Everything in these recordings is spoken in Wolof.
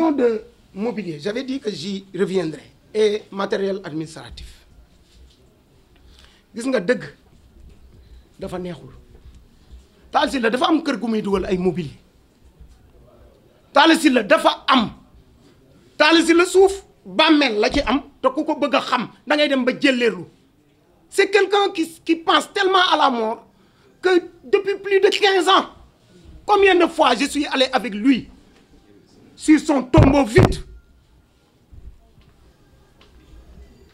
question de mobilier j'avais dit que j'y reviendrai et matériel administratif gis nga dëgg dafa neexul Talla Sylla dafa am kër gu muy dugal ay mobilier si la dafa am Talla Sylla suuf bàmmeel la ci am te ku ko bëgg a xam da ngay dem ba jëlleerlu c'est quelqu'un qui qui pense tellement à la mort que depuis plus de quinze ans combien de fois je suis allé avec lui sur son tombeau vide.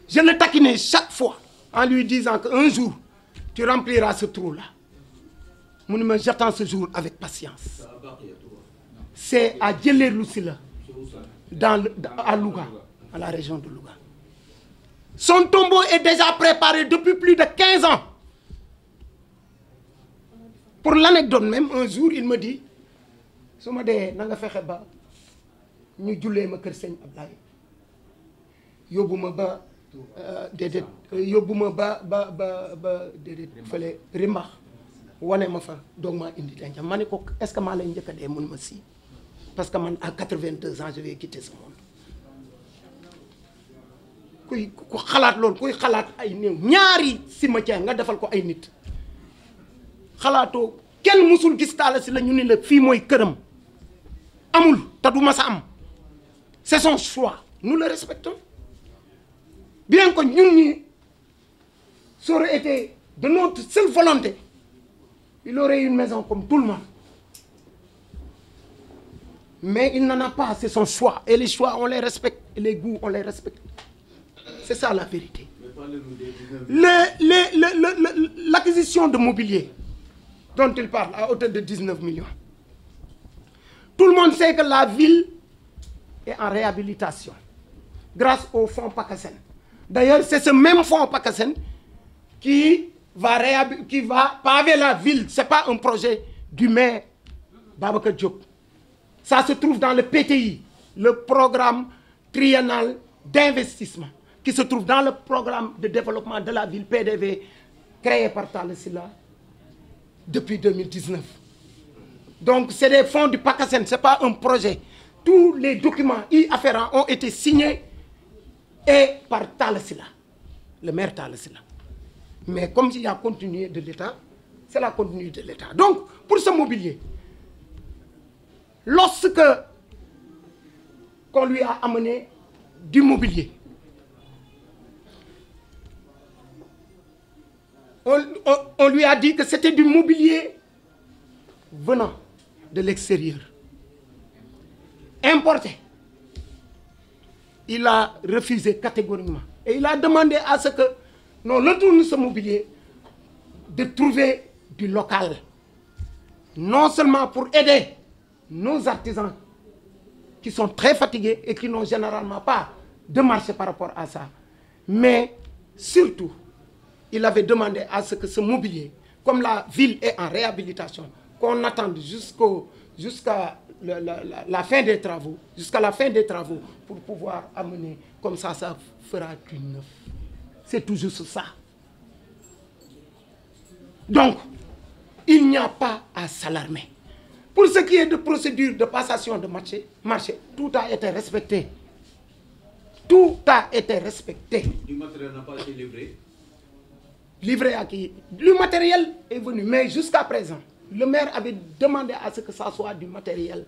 Je le taquinais chaque fois en lui disant qu'un jour, tu rempliras ce trou-là. mu ne ma j'attends ce jour avec patience. C'est à Djeleerlu Silla dans le à Louga à la région de Louga. Son tombeau est déjà préparé depuis plus de 15 ans. Pour l'anecdote même un jour il me dit su ma dee na nga fexe ba ñu jullee ma kër sëñ Ablaye yóbbu ma ba euh, déedéet yóbbu ma ba ba ba ba déedéet fële rimbax wane ma fa doog maa indi denc ma ne ko est-ce que maa lay njëkk a mun ma si parce que man à quatre-vingt-deux ans je vais quitter ce monde kuy ku xalaat loolu kuy xalaat ay néew ñaari si cimetière nga defal ko ay nit xalaatoo kenn mësul gis taala si la ñu ni la fii mooy këram amul te du ma sa am c'est son choix nous le respectons bien que ñun ñi été de notre seule il aurait une maison comme tout le monde mais il n'en a pas c'est son choix et les choix on les respecte et les goûts on les respecte c'est ça la vérité l'acquisition de mobilier dont il parle à hauteur de 19 millions tout le monde sait que la ville et en réhabilitation grâce au fonds PACASEN. D'ailleurs, c'est ce même fonds PACASEN qui va, va paver la ville. Ce pas un projet du maire Babacar Diop. Ça se trouve dans le PTI, le programme triennal d'investissement, qui se trouve dans le programme de développement de la ville PDV créé par Talasila depuis 2019. Donc, c'est des fonds du PACASEN, ce n'est pas un projet. tous les documents y afférents ont été signés et par Talasila, le maire Talasila. Mais comme il y a continué de l'État, c'est la continuité de l'État. Donc, pour ce mobilier, lorsque qu'on lui a amené du mobilier, on, on, on lui a dit que c'était du mobilier venant de l'extérieur. importé. Il a refusé catégoriquement. Et il a demandé à ce que le retournions ce mobilier de trouver du local. Non seulement pour aider nos artisans qui sont très fatigués et qui n'ont généralement pas de marché par rapport à ça. Mais surtout, il avait demandé à ce que ce mobilier, comme la ville est en réhabilitation, qu'on attende jusqu'au la, la, la fin des travaux, jusqu'à la fin des travaux, pour pouvoir amener. Comme ça, ça fera du neuf. C'est toujours ça. Donc, il n'y a pas à s'alarmer. Pour ce qui est de procédure de passation de marché, marché, tout a été respecté. Tout a été respecté. Du matériel n'a pas été livré Livré à qui Le matériel est venu, mais jusqu'à présent, le maire avait demandé à ce que ça soit du matériel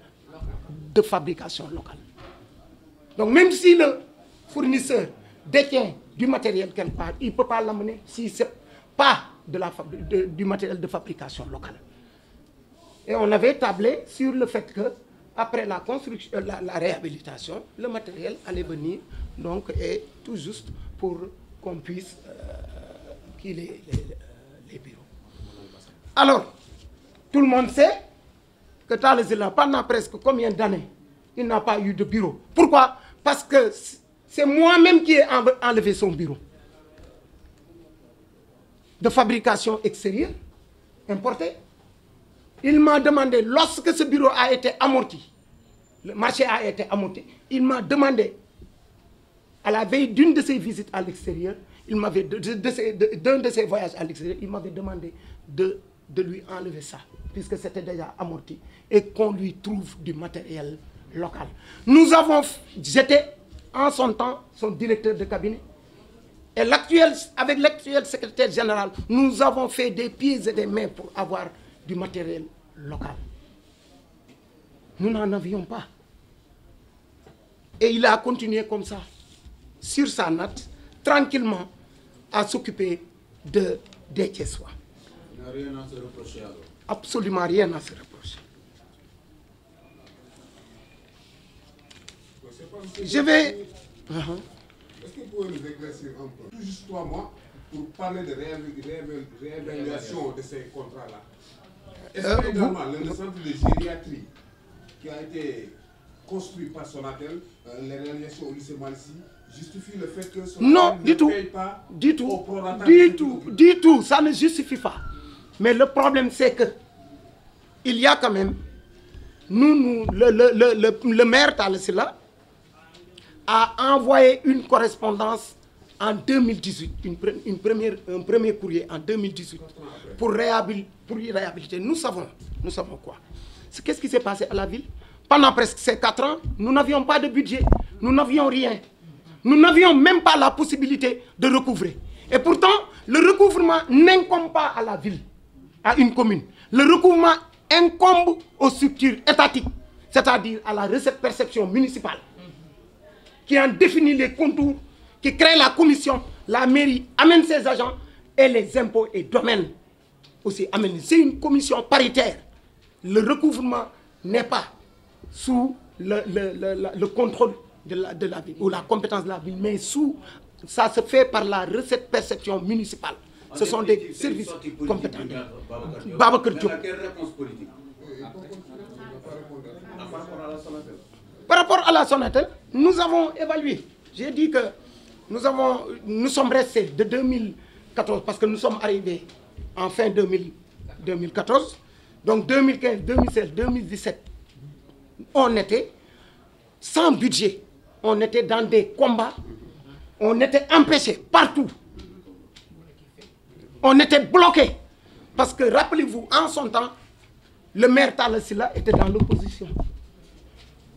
de fabrication locale. Donc même si le fournisseur détient du matériel quelque part, il ne peut pas l'amener si ce pas de la de, du matériel de fabrication locale. Et on avait tablé sur le fait que après la construction, euh, la, la réhabilitation, le matériel allait venir donc et tout juste pour qu'on puisse euh, les, bureaux. Tout le monde sait que Talla Sylla pendant presque combien d'années il n'a pas eu de bureau. Pourquoi? Parce que c'est moi-même qui ai enlevé son bureau de fabrication extérieure importée. Il m'a demandé, lorsque ce bureau a été amorti, le marché a été amorti, il m'a demandé, à la veille d'une de ses visites à l'extérieur, il m'avait, de, de, de, d'un de ses voyages à l'extérieur, il m'avait demandé de de lui enlever ça, puisque c'était déjà amorti, et qu'on lui trouve du matériel local. Nous avons, j'étais en son temps son directeur de cabinet, et l'actuel, avec l'actuel secrétaire général, nous avons fait des pieds et des mains pour avoir du matériel local. Nous n'en avions pas. Et il a continué comme ça, sur sa natte, tranquillement, à s'occuper de, des Thiessois. rien à se reprocher alors. Absolument rien à se reprocher. Je vais... Uh -huh. Est-ce que vous pouvez nous éclaircir un peu, tout juste pour parler de réévaluation de ces contrats-là Est-ce euh, que a non, ne du paye tout, ça ne justifie pas. Mais le problème, c'est que il y a quand même, nous, nous le, le, le, le, maire Talesila a envoyé une correspondance en 2018, une, une première, un premier courrier en 2018 pour, réhabiliter, pour réhabiliter. Nous savons, nous savons quoi. Qu'est-ce qui s'est passé à la ville Pendant presque ces quatre ans, nous n'avions pas de budget, nous n'avions rien. Nous n'avions même pas la possibilité de recouvrer. Et pourtant, le recouvrement n'incombe pas à la ville. à une commune le recouvrement incombe aux structures étatiques c'est-à-dire à la recette perception municipale qui en définit les contours qui crée la commission la mairie amène ses agents et les impôts et domaines aussi amène c'est une commission paritaire le recouvrement n'est pas sous le le le le contrôle de la de la ville ou la compétence de la ville mais sous ça se fait par la recette perception municipale ce sont des services compétents Babacar Diop par rapport à la Sonatel nous avons évalué j'ai dit que nous avons nous sommes restés de parce que nous sommes arrivés en fin 2000 2014 donc 2015 2016 2017 on était sans budget on était dans des combats on était empêchés partout on était bloqué parce que rappelez-vous en son temps le maire Talla Sylla était dans l'opposition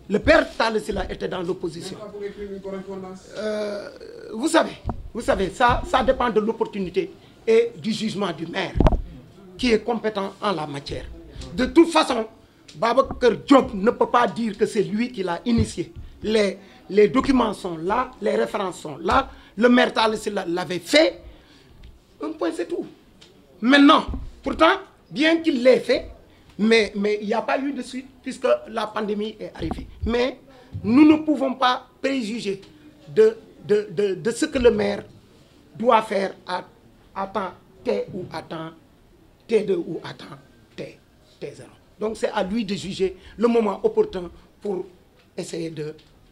le père Talla Sylla était dans l'opposition euh, vous savez vous savez ça ça dépend de l'opportunité et du jugement du maire qui est compétent en la matière de toute façon Babacar Diop ne peut pas dire que c'est lui qui l'a initié les les documents sont là les références sont là le maire Talla Sylla l'avait fait un point c'est tout maintenant pourtant bien qu'il l'ait fait mais mais il n'y a pas eu de suite puisque la pandémie est arrivée mais nous ne pouvons pas préjuger de de de de ce que le maire doit faire à à temps T ou à temps T2 ou à temps T T0 donc c'est à lui de juger le moment opportun pour essayer de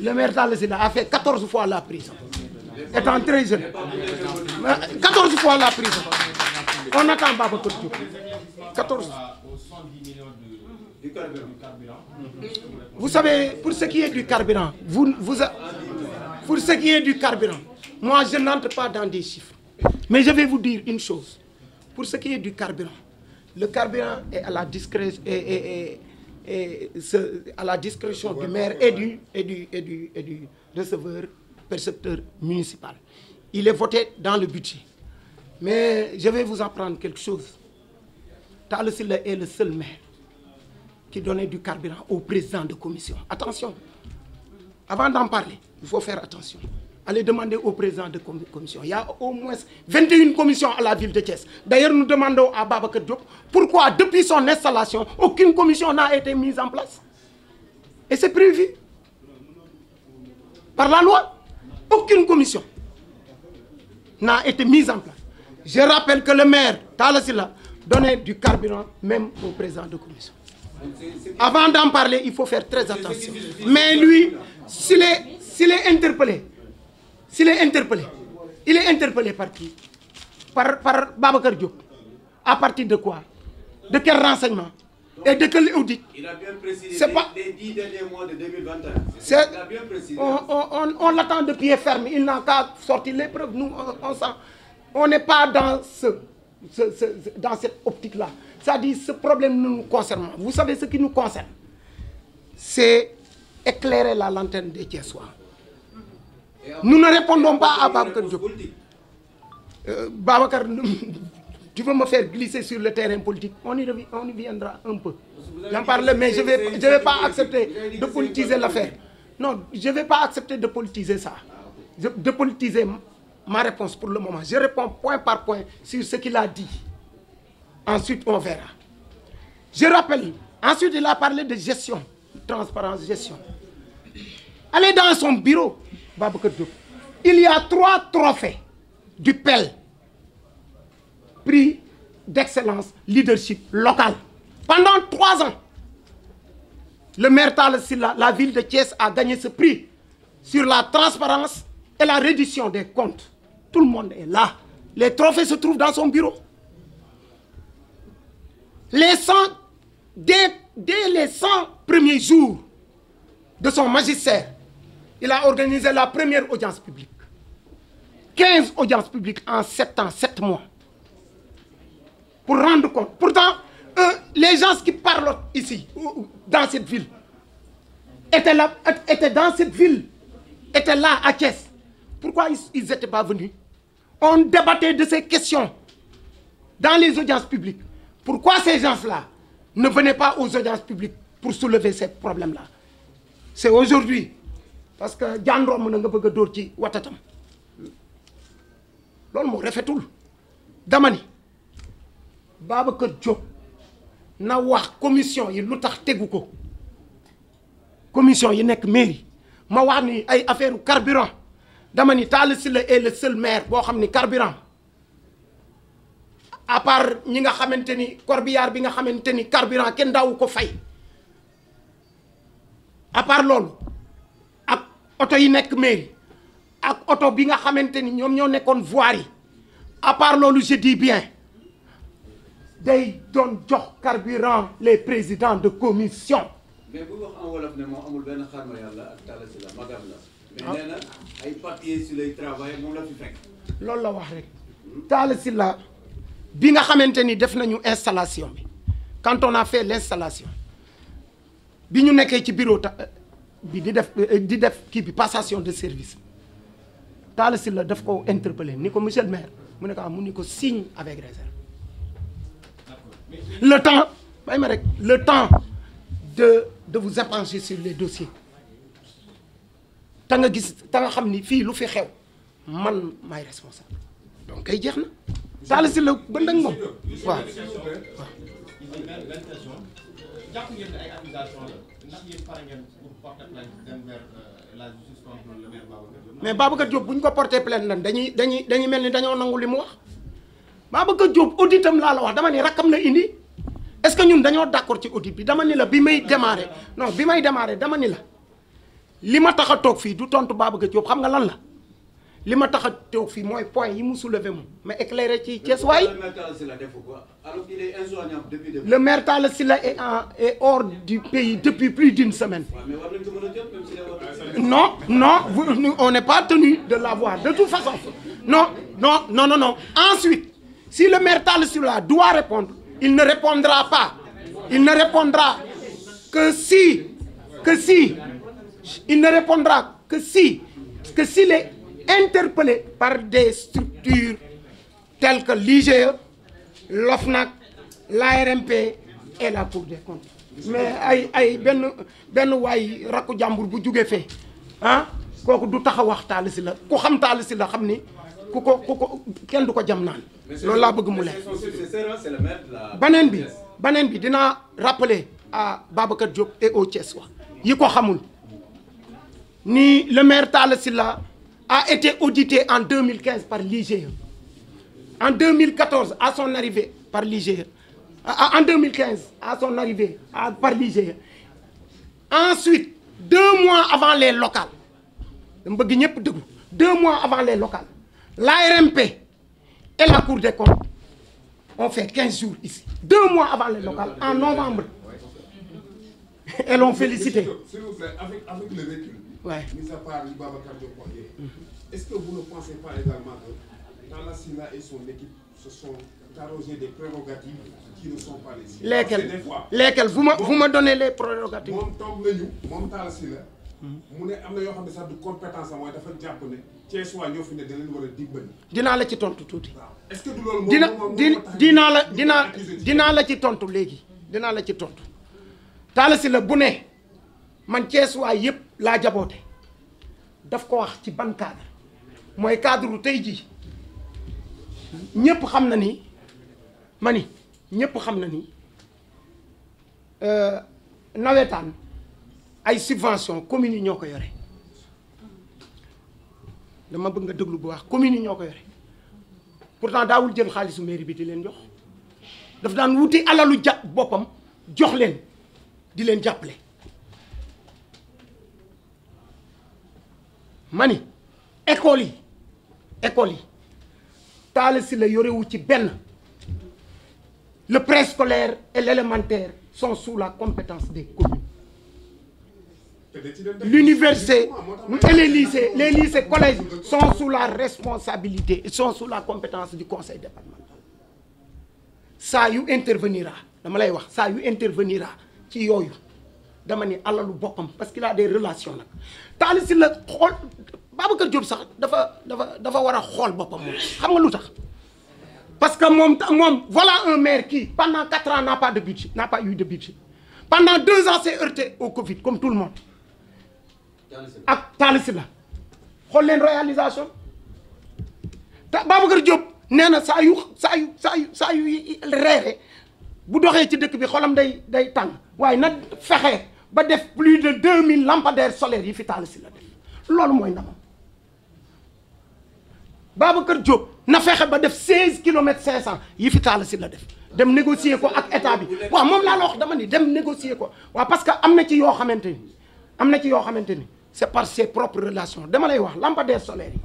le maire Talla Sylla a fait 14 fois la prison étant très jeune 14 fois la prison on attend Babacar Diop 14 vous savez pour ce qui est du carburant vous vous a... pour ce qui est du carburant moi je n'entre pas dans des chiffres mais je vais vous dire une chose pour ce qui est du carburant le carburant est à la discrétion et et ce à la discrétion du maire et du et du et du et du receveur percepteur municipal. Il est voté dans le budget. Mais je vais vous apprendre quelque chose. Talla Sylla est le seul maire qui donnait du carburant au président de commission. Attention. Avant d'en parler, il faut faire attention. allez demander au président de commission il y a au moins 21 commissions à la ville de Thiès d'ailleurs nous demandons à Babacar Diop pourquoi depuis son installation aucune commission n'a été mise en place et c'est prévu par la loi aucune commission n'a été mise en place je rappelle que le maire Talla Sylla donnait du carburant même au président de commission avant d'en parler il faut faire très attention mais lui s'il est s'il est interpellé s'il est interpellé il est interpellé par qui par par Babacar à partir de quoi de quel renseignement et de quel audit il c'est pas les dix de 2021 c'est on on de pied ferme il n'a qu'à sortir les nous on sent on n'est pas dans dans cette optique là c'est-à-dire ce problème ne nous concerne pas vous savez ce qui nous concerne c'est éclairer la lanterne des Thiessois Nous ne répondons pas à Babacar Diop. Euh, Babacar, tu veux me faire glisser sur le terrain politique On y, rev... on y viendra un peu. J'en parle, mais je ne vais, je vais pas accepter de politiser l'affaire. Non, je vais pas accepter de politiser ma réponse pour le moment. Je réponds point par point sur ce qu'il a dit. Ensuite, on verra. Je rappelle, ensuite, il a parlé de gestion, transparence, gestion. Allez dans son bureau, Babacar Diop il y a trois trophées du PEL prix d'excellence leadership local pendant trois ans le maire Talla Sylla la ville de Thiès a gagné ce prix sur la transparence et la reddition des comptes tout le monde est là les trophées se trouvent dans son bureau les cent dès dès les cent premiers jours de son magistère il a organisé la première audience publique quinze audiences publiques en sept ans sept mois pour rendre compte pourtant euh, les gens qui parlent ici dans cette ville étaient là étaient dans cette ville étaient là à Thiès pourquoi ils n'étaient pas venus on débattait de ces questions dans les audiences publiques pourquoi ces gens-là ne venaient pas aux audiences publiques pour soulever ces problèmes-là c'est aujourd'hui parce que jaan romb na nga bëgg a dóor ci watatam loolu moo rafetul dama ni Babacar Diop na wax commission yi lu tax tegu ko commission yi nekk mairie ma wax ni ay affaire carburant dama ni si Sylla est le seul maire boo xam ni carburant à part ñi nga xamante ni corbillard bi nga xamante ni carburant kenn daawu ko fay à part loolu oto yi nekk mairie ak oto bi nga xamante ni ñoom ñoo nekkoon voirie yi à part loolu je bien day doon jox carburant les présidents de commission. mais bu wax en wolof ne moom amul benn xarma yàlla ak Talla la. mais ah. nee si moom la fi fekk. loolu la wax rek Talla bi nga xamante ni def nañu installation bi quand on a fait l' bi ñu nekkee ci bureau bi di def eh, di def kii bi passation de service si Sylla def ko interpellé ni ko monsieur le maire mu ne ko ah, mu ni ko signe avec réserve le temps may ma rek le temps de de vous épancher sur les dossiers te nga gis te nga xam ni fii lu fi xew man maay responsable donc kay jeex na Talla Sylla ba ndag moom waaw ndax yéen pare ngeen pour euh, mais Babacar Diop bu ñu ko porter plainte lan dañuy dañuy dañuy mel ni dañoo nangu li mu wax Babacar jóob auditam laa la wax dama ni rakkam la indi est que ñun dañoo d' accord ci audit bi dama ni la bi may démarré non bi may démarré dama ni la li ma tax a toog fii du tontu Babacar jóob xam nga lan la. li ma tax a teew fii mooy point yi mu soulevé moom ma éclairé ci Thiès waay. le maire Talla Sylla est en est hors du pays depuis plus d'une semaine. non non vous on n'est pas de façon non non non ensuite si le maire Talla Sylla doit répondre il ne répondra pas il ne répondra que si que si il ne répondra que si que s'il est interpellés par des structures telles que l'IGE, l'OFNAC, l'ARMP et la Cour des comptes. mais ay ay benn benn waay rakku jàmbur bu jugee fee ah kooku du tax a wax Talla ko ku xam Talla Sylla xam ni ku ko ku ko kenn du ko jam naan loolu laa bëgg mu leer bi baneen bi dinaa rappeler à Babacar Diop et au Thiès wa yi ko xamul ni le maire la Sylla a été audité en 2015 par l'IGE. En mille 2014, à son arrivée par l'IGE. En 2015, à son arrivée par l'IGE. Ensuite, deux mois avant les locales, deux mois avant les locales, l'ARMP et la Cour des comptes ont fait 15 jours ici. Deux mois avant les locales, en novembre. Et l'ont félicité. Ouais. Mis à part Babacar Diop Poirier, mm-hmm. que vous ne pensez pas également que Talasila et son équipe se sont arrogés des prérogatives qui ne sont pas les siennes lesquelles des fois lesquelles vous ma vous ma donnez les prérogatives. moom toog nañu moom Talasila. Mm-hmm. mu ne am na yoo xam ne sax du compétence am waaye dafa jàpp ne Thiès waa ñoo fi ne da leen war a dimbali. dinaa la ci tontu tuuti. est-ce que du loolu moom dina dinaa la dinaa dinaa la ci tontu léegi dinaa la ci tontu la bu ne. man Cees waay yëpp laa jaboote daf ko wax ci ban cadre mooy cadre tey jii ñëpp xam na ni ma ni ñëpp xam na ni euh, nawetaan ay subvention communes yi ñoo ko yore dama bëgg nga déglu bu waax communes yi ñoo ko yore pourtant daawul jël xaalisu mairie bi di leen jox daf daan wuti alalu ja boppam jox leen di leen jàppale mani ni école yi école yi Talla Sylla yorewu ci benn le préscolaire et l'élémentaire sont su la compétence des communes l'université et les lycées les lycées collèges sont sous la responsabilité sont su la compétence du conseil départemental saa yu intervenira dama lay wax saa yu intervenira ci yooyu dama ni alalu boppam parce qu'il a des relations nag Talla Sylla xool Babacar Diop sax dafa dafa dafa war a xool boppam moom xam nga lu tax parce que moom moom voilà un maire qui pendant quatre ans n'a pas de budget n'a pas eu de budget pendant deux ans s'est heurté au Covid comme ak Talla xool leen réalisation te Babacar nee na saa yu saa yu saa yu saa yu reere bu doxee ci dëkk bi xolam day day tàng waaye nag fexe ba def plus de 2000 lampadaires solaires yi fi Talla Sylla def loolu mooy ndamam kër Diop na fexe ba def 16 kilomètres 500 yi fi Talla Sylla def dem négocier ko ak état bi waaw moom laa la wax dama ni dem négocier ko waaw parce que am na ci yoo xamante ni am na ci yoo xamante ni c'est par ses propres relations dama lay wax lampadaires solaires yi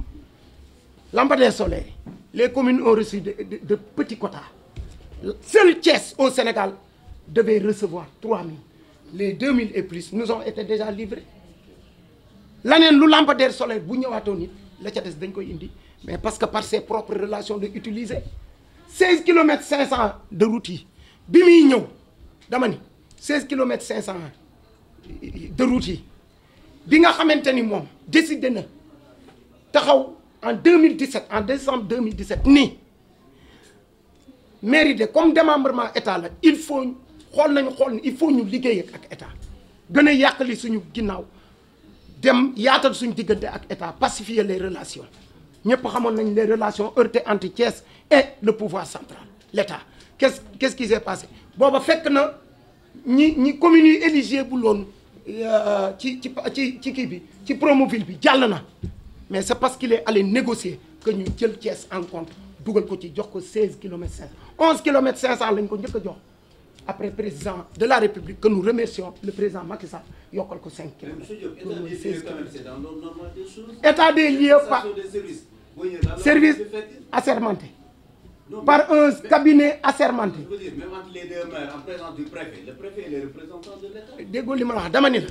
lampadaires solaires yi les communes ont reçu de, de, de petits seul Thiès au Sénégal devait recevoir 3000 les mille et plus nous ont été déjà livrés laneen lu lampadaire solaire bu ñëwaatoo nit la ca des dañ koy indi mais parce que par ses propres relations de utiliser 16 kilomètres 500 de route yi bi muy ñëw dama ni 16 kilomètres 500 de route yi bi nga xamante ni moom décidé na taxaw en 2017 en décembre 2017 nii mairie de comme démembrement état la il faut. xool nañu xool ni il faut ñu liggéey ak état gën a yàqali suñu ginnaaw dem yaatal suñu diggante ak état pacifier les relations ñëpp xamoon nañu les relations heurtées entre Thiès et le pouvoir central l' état qu'est-ce qu'est-ce qui s'est passé booba fekk na ñi ñi communes yi bu loon euh, ci ci ci ci kii bi ci Promoville bi jàll na mais c'est parce qu'il est allé négocier que ñu jël Thiès en compte dugal ko ci jox ko 16 kilomètres 500 11 kilomètres cent lañ ko njëkk a jox après président de la République que nous remercions le président Macky Sall yokkal ko 5 kilomètres. état des lieux par service assermenté par un cabinet assermenté. déggoo li a la wax dama ni la.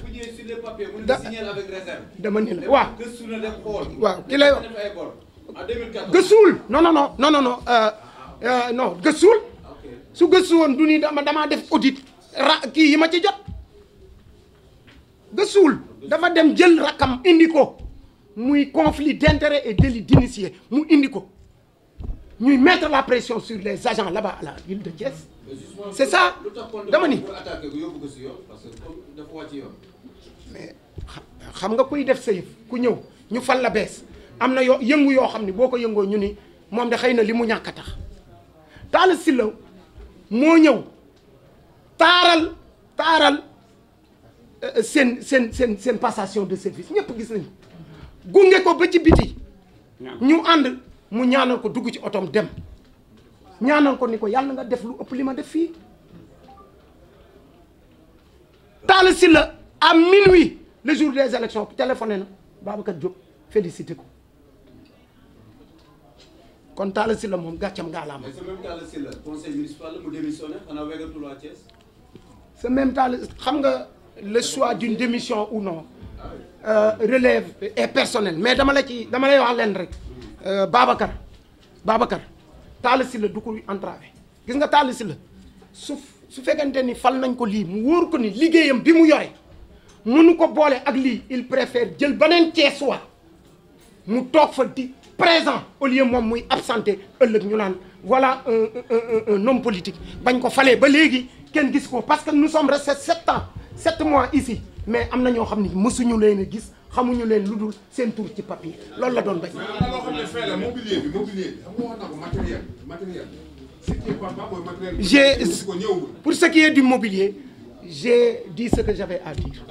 dama ni la waaw. waaw ki lay wax. gëstuwul non non non non non non euh, euh, gëstuwul. su gëstu woon du ni dama damaa def audit ra kii yi ma ci jot gëstuwul dafa dem jël rakam indi ko muy conflit d'intérêt et délit d'initié mu indi ko ñuy mettre la pression sur les agents là-bas à la ville de Thiès. c'est ça dama ni mais xam nga kuy def sa yëf ku ñëw ñu fal la bees am na yoo yëngu yoo xam ne boo ko yëngoo ñu ni moom de xëy na li mu ñàkk a tax Talla Sylla moo ñëw taaral taaral euh, seen seen seen seen passation de service ñëpp gis nañu gunge ko ba ci biti ñu ànd mu ñaanal ko dugg ci otoom dem ñaanal ko ni ko yàlla nga def lu ëpp li ma def fii Talla Sylla à minuit le jour des élections téléphoné na Babacar Diop félicité ko kon Talla la moom gàccam ngaalaama. mais ce même Talla Sylla conseil municipal mu démissionné xam nga le choix d'une démission ou non euh, relève e personnel mais dama la ci dama lay wax leen rek. Euh, Babacar Babacar Talla la du ko entravé gis nga Talla la su su fekkente ni fal nañ ko lii mu wóor ko ni liggéeyam bi mu yore nu ko boole ak lii il préfère jël beneen Thiès waa mu toog fa ti présent au lieu moom muy absenté ëllëg ñu naan voilà un un un politique bañ ko falee ba léegi kenn gis ko parce que nous sommes restés sept ans sept mois ici mais am na ñoo xam ni mësuñu leen a gis xamuñu leen lu dul seen tur ci papier loolu la doon bañ. mais am na loo xam ne fee la mobilier bi bi xam pour ce qui est du mobilier j'ai dit ce que j'avais à dire.